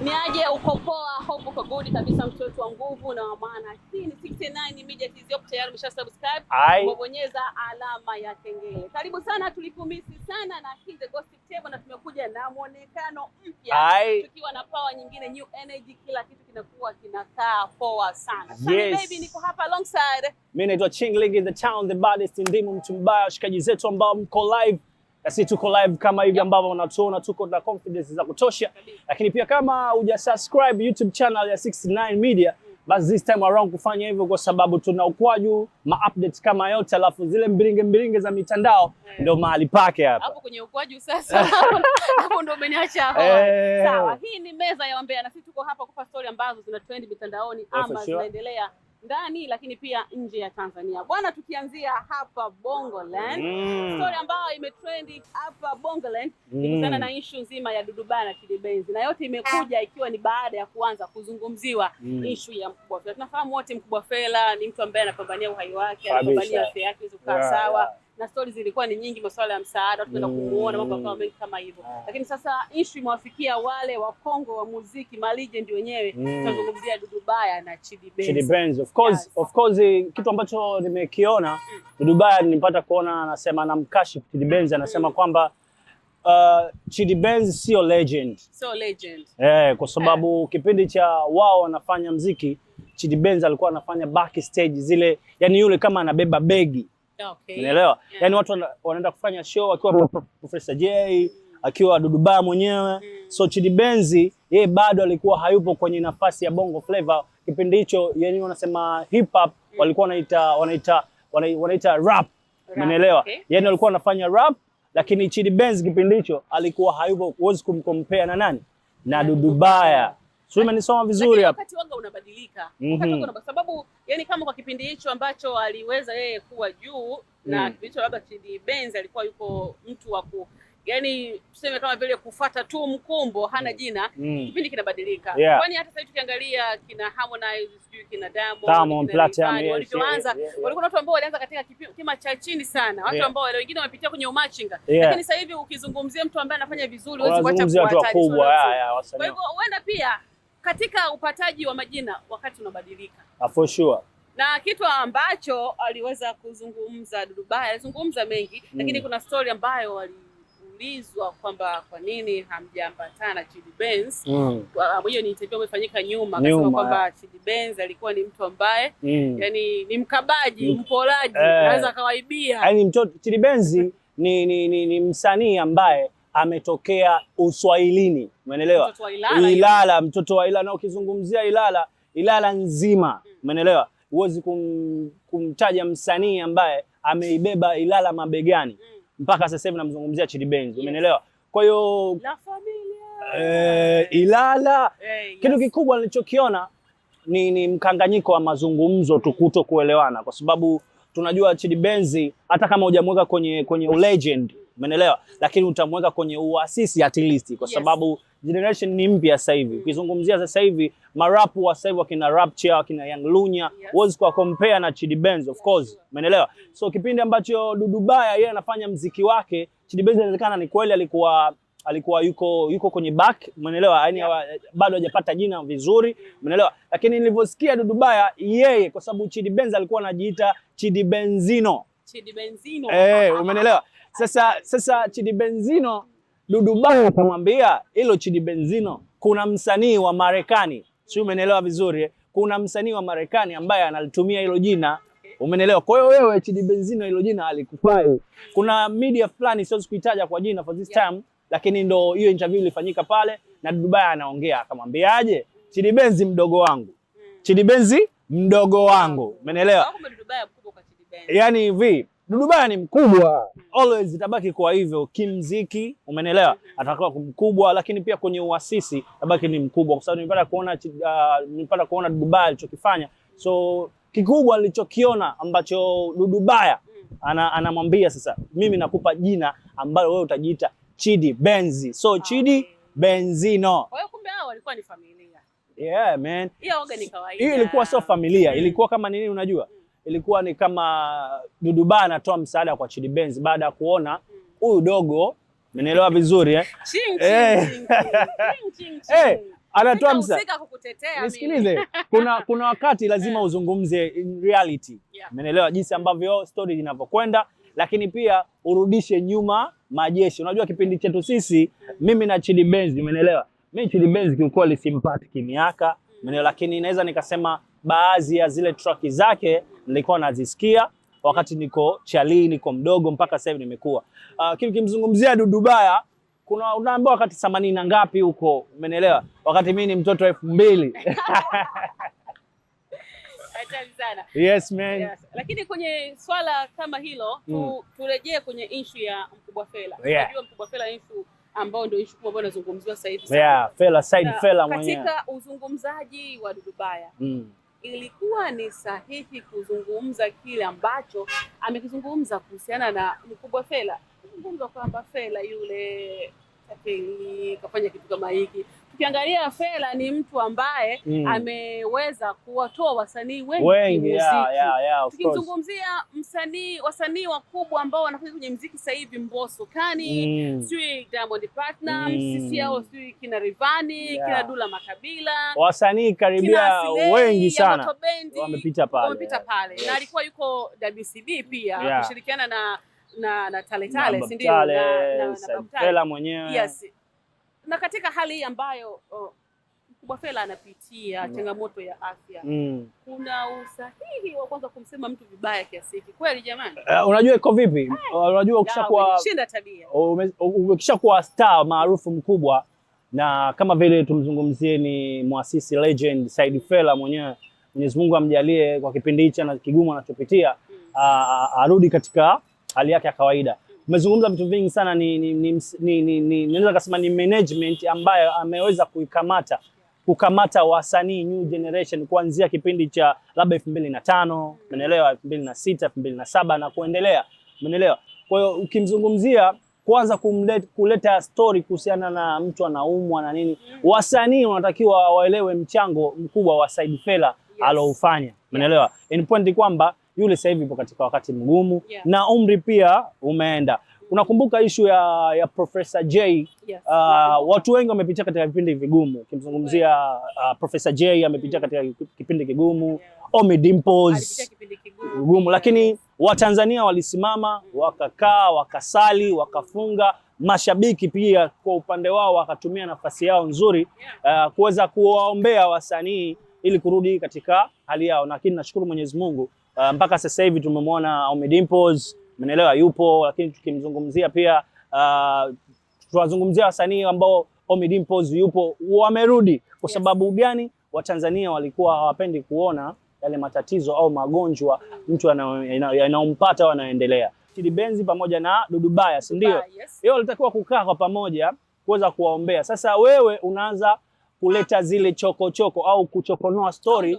ni aje ukopoa hope kwa good kabisa, mtoto wa nguvu na wa maana. Hii ni 69 Media TV, hapo tayari umesha subscribe, umebonyeza alama ya kengele. Karibu sana, tulikumisi sana na hii the gossip table, na tumekuja na mwonekano mpya tukiwa na power nyingine, new energy, kila kitu kinakuwa kinakaa poa sana. Yes. Baby, niko hapa alongside. Mimi naitwa Chingling in the town, the baddest ndimu mtumbaya, washikaji zetu ambao mko live sisi tuko live kama hivi ambavyo unatuona, tuko na confidence za kutosha, lakini pia kama uja subscribe YouTube channel ya 69 Media basi this time around kufanya hivyo kwa sababu tuna ukwaju ma update kama yote, alafu zile mbiringe mbiringe za mitandao eh. ndio mahali pake hapa. Hapo kwenye ukwaju sasa, hapo ndio umeniacha hapo. Eh. Sawa, hii ni meza ya wambea na sisi tuko hapa kupa story ambazo zina trend mitandaoni oh, ama zinaendelea ndani lakini pia nje ya Tanzania bwana, tukianzia hapa Bongoland mm. story ambayo imetrend hapa Bongoland mm. ikutana na ishu nzima ya Dudubaya na na yote imekuja ah. ikiwa ni baada ya kuanza kuzungumziwa mm. ishu ya Mkubwa Fella. Tunafahamu wote Mkubwa Fela ni mtu ambaye anapambania uhai wake, anapambania afya yake iweze kukaa sawa yeah na stories zilikuwa ni nyingi, masuala ya msaada watu tunaenda mm. kumuona mambo mm. kama mengi kama hivyo ah. Lakini sasa issue imewafikia wale wakongwe wa muziki malegend wenyewe mm. tunazungumzia Dudu Baya na Chidi Benz. Chidi Benz, of course, yes. Of course kitu ambacho nimekiona mm. Dudu Baya nilipata kuona anasema na mkashi Chidi Benz anasema mm. kwamba Uh, Chidi Benz sio legend. Sio legend. Eh, kwa eh. sababu yeah. Kipindi cha wao wanafanya mziki Chidi Benz alikuwa anafanya backstage zile, yani yule kama anabeba begi okay. Unaelewa? Yeah. Yaani watu wanaenda kufanya show akiwa Professor j akiwa Duduba mwenyewe mm. So Chidi Benzi yeye bado alikuwa hayupo kwenye nafasi ya Bongo Flava kipindi hicho, yaani wanasema hip hop mm. walikuwa wanaita wanaita wanaita rap, Unaelewa? Okay. Yaani walikuwa wanafanya rap lakini Chidi Benz kipindi hicho alikuwa hayupo, huwezi kumkompea na nani na Dudubaya Sio, umenisoma vizuri hapa. Wakati wanga unabadilika. Mm -hmm. Kwa sababu yani kama kwa kipindi hicho ambacho aliweza yeye kuwa juu mm. na kipindi hicho labda Chidi Benz alikuwa yuko mtu wa ku yani tuseme kama vile kufuata tu mkumbo hana mm. jina mm. Kipindi kinabadilika yeah. Kwani hata sasa tukiangalia kina Harmonize sijui kina Diamond Diamond Platinum walivyoanza, walikuwa watu ambao walianza katika kima cha chini sana, watu ambao wale wengine wamepitia kwenye umachinga yeah. Lakini sasa hivi ukizungumzia mtu ambaye anafanya vizuri, huwezi kuacha kuwataja. Kwa hivyo huenda pia katika upataji wa majina wakati unabadilika. Ah, for sure. Na kitu ambacho aliweza kuzungumza Dudubaya, alizungumza mengi mm. Lakini kuna story ambayo waliulizwa kwamba kwa nini hamjaambatana Chidi Benz mm. Hiyo ni interview imefanyika nyuma, akasema kwamba Chidi Benz alikuwa ni mtu ambaye mm. yani ni mkabaji mm. mpolaji, eh. anaweza eh, Yaani mtoto Chidi Benz ni, ni, ni, ni msanii ambaye ametokea Uswahilini, umeelewa? Ilala, mtoto wa Ilala. Na ukizungumzia Ilala, Ilala nzima, mm. umeelewa? Huwezi kum, kumtaja msanii ambaye ameibeba Ilala mabegani mm. mpaka sasa hivi, namzungumzia Chidi Benz, umeelewa? Kwa hiyo eh, Ilala eh, yes. Kitu kikubwa nilichokiona ni, ni mkanganyiko wa mazungumzo tu, mm. kuto kuelewana, kwa sababu tunajua Chidi Benz hata kama hujamweka kwenye kwenye legend Umeelewa? Lakini utamweka kwenye uasisi at least kwa yes. sababu generation ni mpya sasa hivi. Ukizungumzia mm. sasa hivi marapu wa sasa hivi wakina Rapture, wakina Young Lunya, huwezi yes. kwa compare na Chidi Benz of course. Umeelewa? So kipindi ambacho Dudubaya yeye anafanya mziki wake, Chidi Benz inawezekana ni kweli alikuwa alikuwa yuko yuko kwenye back, umeelewa? yani yeah. bado hajapata jina vizuri, umeelewa? Lakini nilivyosikia Dudubaya yeye, kwa sababu Chidi Benz alikuwa anajiita Chidi Benzino Chidi Benzino. Eh, ah. umeelewa? Sasa sasa Chidi Benzino Dudubaya akamwambia hilo Chidi Benzino, kuna msanii wa Marekani, si umeelewa vizuri? Eh? Kuna msanii wa Marekani ambaye analitumia hilo jina, umeelewa? Kwa hiyo wewe Chidi Benzino, hilo jina alikufai. Kuna media fulani siwezi kuitaja kwa jina for this yeah. time, lakini ndo hiyo interview ilifanyika pale na Dudubaya anaongea, akamwambiaje Chidi Benzi mdogo wangu, hmm. Chidi Benzi mdogo wangu, umeelewa? Yaani hivi Dudubaya ni mkubwa, always itabaki kwa hivyo. Kimziki, umenelewa, atakuwa mkubwa, lakini pia kwenye uasisi tabaki ni mkubwa, kwa sababu nimepata kuona uh, ah, nimepata kuona Dudubaya alichokifanya. So kikubwa alichokiona ambacho Dudubaya anamwambia ana, sasa mimi nakupa jina ambalo wewe utajiita Chidi Benzi, so ah, Chidi Benzino. Kwa hiyo ni familia. Yeah man, hiyo ilikuwa sio familia, ilikuwa kama nini, unajua ilikuwa ni kama Duduba anatoa msaada kwa Chidi Benz baada ya kuona huyu dogo, menelewa vizuri eh? hey, eh. eh, anatoa msaada. Nisikilize, kuna kuna wakati lazima eh. uzungumze in reality, yeah. menelewa Jinsi ambavyo story zinavyokwenda, lakini pia urudishe nyuma majeshi. Unajua kipindi chetu sisi, mimi na Chidi Benz, mmenielewa mimi Chidi Benz kiukweli simpati kimiaka, mmenielewa, mm. lakini inaweza nikasema baadhi ya zile traki zake nilikuwa nazisikia wakati niko chali, niko mdogo mpaka sasa nimekuwa. Uh, ah, kile kimzungumzia Dudubaya, kuna unaambiwa wakati themanini na ngapi huko, umenielewa? Wakati mimi ni mtoto elfu mbili sana. Yes, man. Yes. Lakini kwenye swala kama hilo tu, mm. turejee kwenye ishu ya Mkubwa Fela. Unajua Yeah. Mkubwa Fela ishu ambao ndio ishu kubwa ambayo inazungumziwa sasa hivi. Yeah, Fela side Fela mwenyewe. Katika uzungumzaji wa Dudu Mm ilikuwa ni sahihi kuzungumza kile ambacho amekizungumza kuhusiana na mkubwa fela kuzungumza kwamba fela yule kafanya kitu kama hiki ukiangalia Fela ni mtu ambaye mm. ameweza kuwatoa wasanii wengi, wengi muziki. Yeah, yeah, yeah, tukizungumzia msanii wasanii wakubwa ambao wanafanya kwenye muziki sasa hivi Mbosso Kani mm. sijui Diamond Platnumz mm. sisi hao sijui kina Rivani yeah. kina Dula Makabila wasanii karibia wengi sana wamepita pale, wamepita pale yes. na alikuwa yuko WCB pia yeah. kushirikiana na na na Tale Tale si ndio? na na Fela mwenyewe yes na katika hali hii ambayo oh, Mkubwa Fella anapitia mm. changamoto ya afya mm. kuna usahihi wa kwanza kumsema mtu vibaya kiasi hiki kweli jamani? Uh, unajua iko vipi? Unajua ukishakuwa shinda tabia, ukishakuwa star maarufu mkubwa, na kama vile ni muasisi legend Said Fella mwenyewe, Mwenyezi Mungu amjalie kwa kipindi hicho na kigumu anachopitia mm. arudi katika hali yake ya kawaida umezungumza vitu vingi sana, ni naweza ni, ni, ni, ni, kasema ni management ambayo ameweza kuikamata kukamata wasanii new generation kuanzia kipindi cha labda elfu mbili na tano umeelewa, elfu mbili na sita elfu mbili na saba na kuendelea, umeelewa. Kwa hiyo ukimzungumzia kwanza kumlet, kuleta story kuhusiana na mtu anaumwa na nini, mm. wasanii wanatakiwa waelewe mchango mkubwa wa Said fela aloufanya, umeelewa. In point kwamba yule sasa hivi yupo katika wakati mgumu yeah. na umri pia umeenda Unakumbuka ishu ya, ya Professor J? yes. Uh, watu wengi wamepitia katika vipindi vigumu, kimzungumzia uh, Professor J amepitia mm. katika kipindi kigumu yeah. Omi Dimples kigumu, lakini Watanzania walisimama wakakaa, wakasali, wakafunga. Mashabiki pia kwa upande wao wakatumia nafasi yao nzuri uh, kuweza kuwaombea wasanii ili kurudi katika hali yao, lakini nashukuru Mwenyezi Mungu uh, mpaka sasa hivi tumemwona Ommy Dimpoz, yupo, lakini tukimzungumzia pia uh, ah, tunazungumzia wasanii ambao Ommy Dimpoz yupo wamerudi. Kwa sababu gani? Watanzania walikuwa hawapendi kuona yale matatizo au magonjwa mtu yanayompata au anaendelea. Chidi Benzi pamoja na dudubaya si ndio? Yeye walitakiwa kukaa kwa pamoja kuweza kuwaombea. Sasa wewe unaanza kuleta zile chokochoko choko, au kuchokonoa story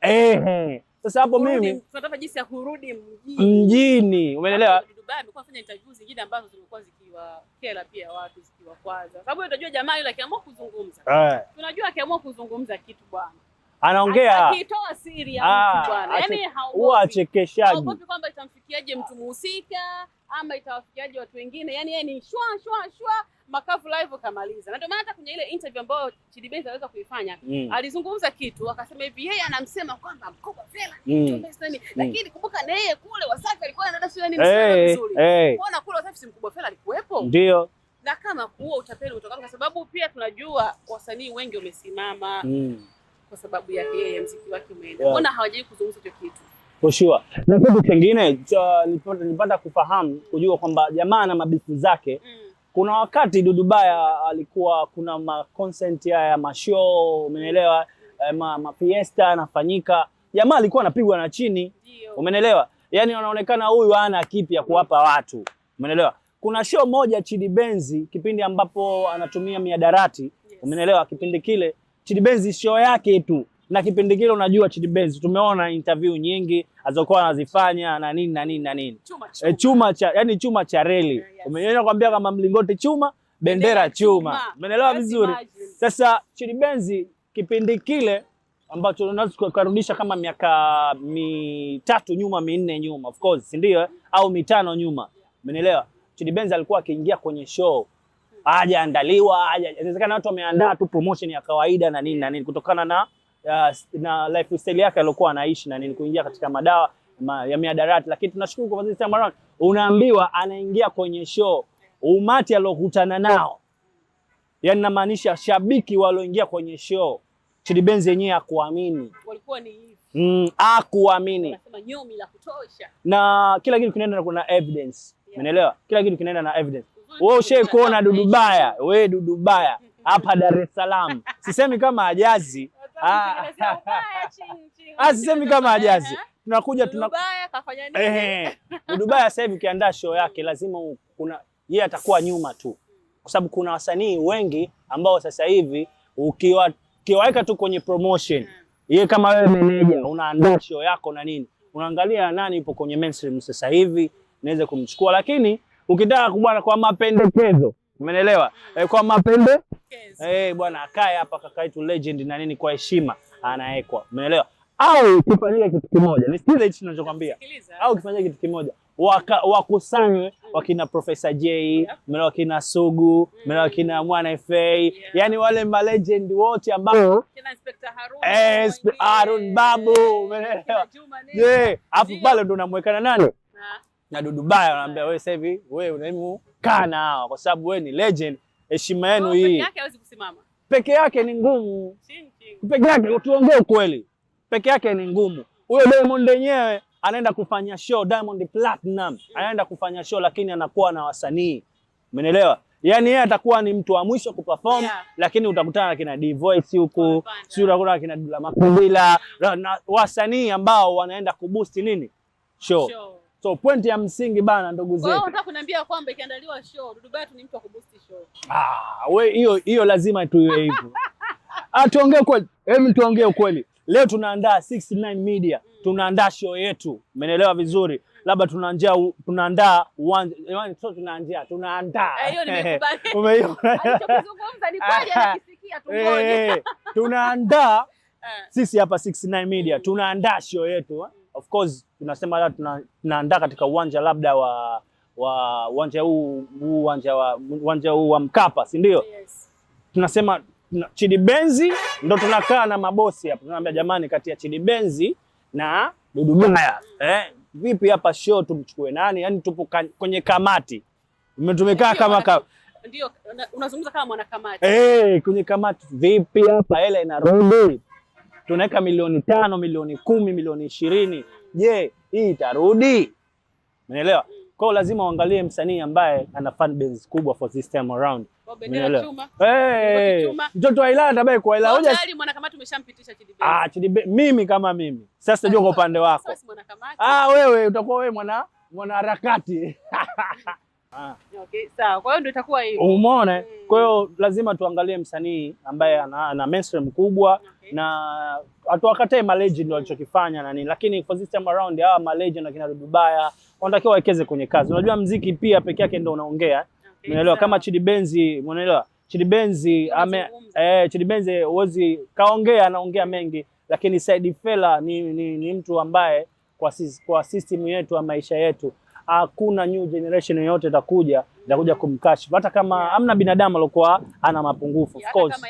eh sasa hapo mimi tunataka jinsi ya kurudi mjini. umeelewa? Dubai amekuwa fanya interview zingine ambazo zimekuwa zikiwakera pia watu zikiwa kwaza, Sababu unajua jamaa yule akiamua kuzungumza. Eh. Tunajua akiamua kuzungumza kitu bwana. Anaongea. Akitoa siri ya mtu ah, bwana. Yaani haogopi. Huwa achekeshaji. Haogopi kwamba itamfikiaje mtu mhusika ama itawafikiaje watu wengine? Yani yeye ni shwa shwa shwa makavu live kamaliza, na ndio maana hata kwenye ile interview ambayo Chidi Benz aliweza kuifanya mm. alizungumza kitu akasema hivi, yeye anamsema kwamba mkubwa tena mm. mm. lakini kumbuka na yeye kule Wasafi alikuwa anaenda shule ni hey, mzuri hey. kuona kule Wasafi si mkubwa tena alikuwepo, ndio na kama kuo utapeli kutokana, kwa sababu pia tunajua wasanii wengi wamesimama mm. kwa sababu yake yeye mziki wake umeenda, mbona hawajai kuzungumza hicho kitu Mheshimiwa, na kitu kingine nilipata kufahamu kujua kwamba jamaa na mabifu zake mm. Kuna wakati dudubaya alikuwa kuna ma concert ya mashow umeelewa, eh, ma, ma fiesta anafanyika, jamaa alikuwa anapigwa na chini umeelewa, yani anaonekana huyu hana kipi ya kuwapa watu umeelewa. Kuna show moja Chidi Benzi kipindi ambapo anatumia miadarati Umeelewa, kipindi kile Chidi Benzi show yake tu na kipindi kile unajua Chidibezi, tumeona interview nyingi azokuwa anazifanya na nini na nini na nini chuma, eh, chuma. E, chuma cha yani chuma cha reli yeah, yes. Umeona kwambia kama mlingoti chuma bendera chuma, umeelewa vizuri sasa. Chidibezi kipindi kile ambacho unaweza kurudisha kama miaka mitatu nyuma minne nyuma of course, si ndio? Eh? Au mitano nyuma, umeelewa? Chidibezi alikuwa akiingia kwenye show hajaandaliwa, haja inawezekana watu wameandaa tu promotion ya kawaida na nini na nini kutokana na uh, na lifestyle yake aliyokuwa anaishi na nini, kuingia katika madawa ma, ya miadarati. Lakini tunashukuru kwa Aziz Samaron, unaambiwa anaingia kwenye show, umati aliokutana nao, yaani namaanisha shabiki walioingia kwenye show Chidi Benz yenyewe akuamini, walikuwa ni mm, akuamini, anasema nyomi la kutosha, na kila kitu kinaenda na kuna evidence yeah. Umeelewa, kila kitu kinaenda na evidence. Wewe ushe kuona dudubaya? wewe dudubaya hapa Dar es Salaam, sisemi kama ajazi Ah, sisemi kama ajazi eh? tunakuja Dubai sasa hivi ukiandaa show yake lazima kuna yeye atakuwa nyuma tu, kwa sababu kuna wasanii wengi ambao sasa hivi ukiwa ukiwaweka tu kwenye promotion hmm. yeye kama wewe meneja unaandaa show yako na nini, unaangalia nani yupo kwenye mainstream sasa hivi naweza kumchukua, lakini ukitaka kubwana, kwa mapendekezo Umenelewa? E, eh, kwa mapembe yes. e, bwana akae hapa kaka yetu legend na nini, kwa heshima anaekwa. Umenelewa? Au kifanyike kitu kimoja, nisikize hichi ninachokwambia. au kifanyike kitu kimoja wakusanywe mm. wakina Professor J, yeah. umeelewa, wakina Sugu, umeelewa, mm. wakina Mwana FA, yeah. Yani wale ma legend wote ambao mm. kina Inspector Harun, eh, Harun Babu, umeelewa? Je, afu pale ndo unamwekana nani? na Dudu Baya wanaambia wewe sasa hivi wewe unaimu kana hawa kwa sababu wewe ni legend, heshima yenu hii. Peke yake hawezi kusimama. Peke yake ni ngumu. Peke yake tuongee ukweli. Peke yake ni ngumu. Huyo Diamond yenyewe anaenda kufanya show Diamond Platinum. Mm. Anaenda kufanya show lakini anakuwa na wasanii. Umeelewa? Yaani yeye atakuwa ni mtu wa mwisho kuperform yeah. Lakini utakutana kina D Voice huko, si utakutana kina Dula Makundila, wasanii ambao wanaenda kuboost nini? Show. show. So point ya msingi bana, ndugu zetu, unataka kuniambia kwamba ikiandaliwa show Dudu tu ni mtu wa kuboost show? Ah, we hiyo hiyo lazima tuiwe hivyo. Ah, tuongee kweli, hebu tuongee kweli. Leo tunaandaa 69 Media, mm. tunaandaa show yetu, umeelewa vizuri? Mm. Labda tunaandaa tunaandaa one so sio tunaandaa, eh, Hiyo nimekubali. Umeiona? Alichokizungumza ni kweli, anakisikia tungoje. Eh, tunaandaa eh. sisi hapa 69 Media, mm. tunaandaa show yetu. Eh? of course tunasema hata tunaandaa katika uwanja labda wa wa uwanja huu uwanja wa uwanja huu wa Mkapa, si ndio? Yes. Tunasema Chidi Benzi ndo tunakaa na mabosi hapa, tunaambia jamani, kati ya Chidi Benzi na Dudu Baya eh, vipi hapa show tumchukue nani? Yani tupo kwenye kamati, tumekaa kama ka... ndio unazungumza kama mwana kamati eh, kwenye kamati, vipi hapa hela inarudi tunaweka milioni tano, milioni kumi, milioni ishirini. Je, hii itarudi? Umeelewa? Kwa hiyo lazima uangalie msanii ambaye ana fan base kubwa for this time around. Mtoto wa Ilala atabai kwa Ilala. Hoja tayari kamati umeshampitisha Chidi Ah, Chidi mimi kama mimi. Sasa sijui kwa upande wako. Sasa mwana kamati. Ah, wewe utakuwa wewe mwana mwana harakati. Ah. Okay, sawa. Kwa hiyo ndio itakuwa hivyo. Umeona? Kwa hiyo mm. lazima tuangalie msanii ambaye ana, ana mainstream mkubwa okay. na atuwakatae maleji ndio alichokifanya na nini, lakini for this time around hawa maleji na kina Dudubaya wanatakiwa wawekeze kwenye kazi. Unajua mziki pia peke yake ndio unaongea. Okay, unaelewa kama Chidi Benzi, unaelewa? Chidi Benzi ame eh, Chidi Benzi uwezi kaongea, anaongea mengi, lakini Said Fella ni, ni, ni mtu ambaye kwa, sisi kwa system yetu ya maisha yetu hakuna new generation yoyote itakuja itakuja kumkashifu, hata kama amna binadamu alikuwa ana mapungufu of course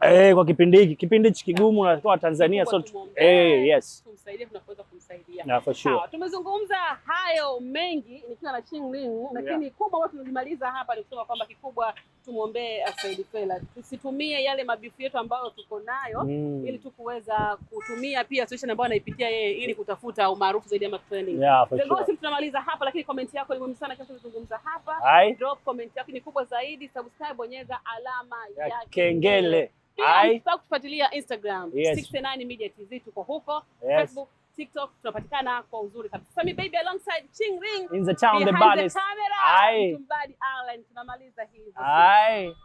eh, kwa kipindi hiki, kipindi hiki kigumu na kwa Tanzania, so eh, yes, tumsaidie tunapoweza kumsaidia. Na for sure tumezungumza hayo mengi, nikiwa na Ching chingling, lakini yeah. kubwa watu tunalimaliza hapa ni kusema kwamba kikubwa tumwombee Said Fela. tusitumie yale mabifu yetu ambayo tuko nayo mm, ili tu kuweza kutumia pia situation ambayo anaipitia yeye ili kutafuta umaarufu zaidi ama trending. Yeah, sure. Tunamaliza hapa lakini comment yako ni muhimu sana kwa tunazungumza hapa. Drop comment yako ni kubwa zaidi, subscribe, bonyeza alama ya, ya kengele. kengele. Usisahau kufuatilia Instagram 69 Media TZ, tuko huko Facebook, TikTok tunapatikana kwa uzuri kabisa. Sami baby alongside Ching Ring in the town the baddest. Tunamaliza hivi.